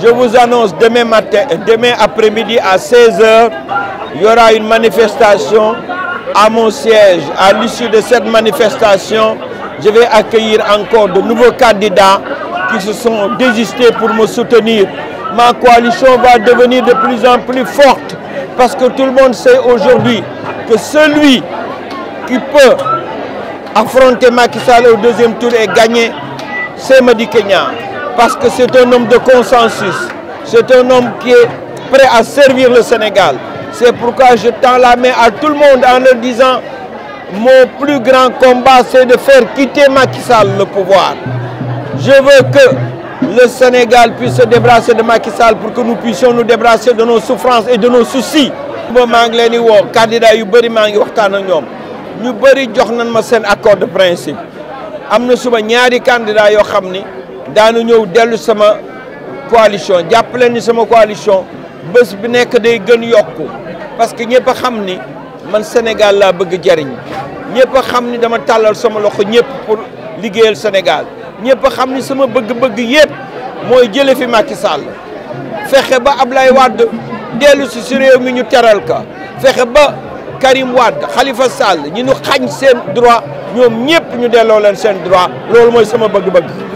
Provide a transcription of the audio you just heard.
Je vous annonce demain, après-midi à 16h, il y aura une manifestation à mon siège. À l'issue de cette manifestation, je vais accueillir encore de nouveaux candidats qui se sont désistés pour me soutenir. Ma coalition va devenir de plus en plus forte parce que tout le monde sait aujourd'hui que celui qui peut affronter Macky Sall au deuxième tour et gagner, c'est Madi Kenya parce que c'est un homme de consensus. C'est un homme qui est prêt à servir le Sénégal. C'est pourquoi je tends la main à tout le monde en leur disant mon plus grand combat, c'est de faire quitter Macky Sall le pouvoir. Je veux que le Sénégal puisse se débrasser de Macky Sall pour que nous puissions nous débrasser de nos souffrances et de nos soucis. Je candidat accord de principe daanu ñëw dellu sama coalition jàpp leen ni sama coalition bés bi nekk day gën yokk parce que ñëpp a xam ni man Sénégal laa bëgg jariñ ñëpp a xam ni dama tàllal sama loxo ñëpp pour liggéeyal Sénégal ñëpp a xam ni sama bëgg-bëgg yëpp mooy jële fi Macky Sall fexe ba Ablaye Wade dellu si si réew mi ñu teral ka fexe ba Karim Wade Khalifa Sall ñi ñu xañ seen droit ñoom ñëpp ñu delloo leen seen droit loolu mooy sama bëgg-bëgg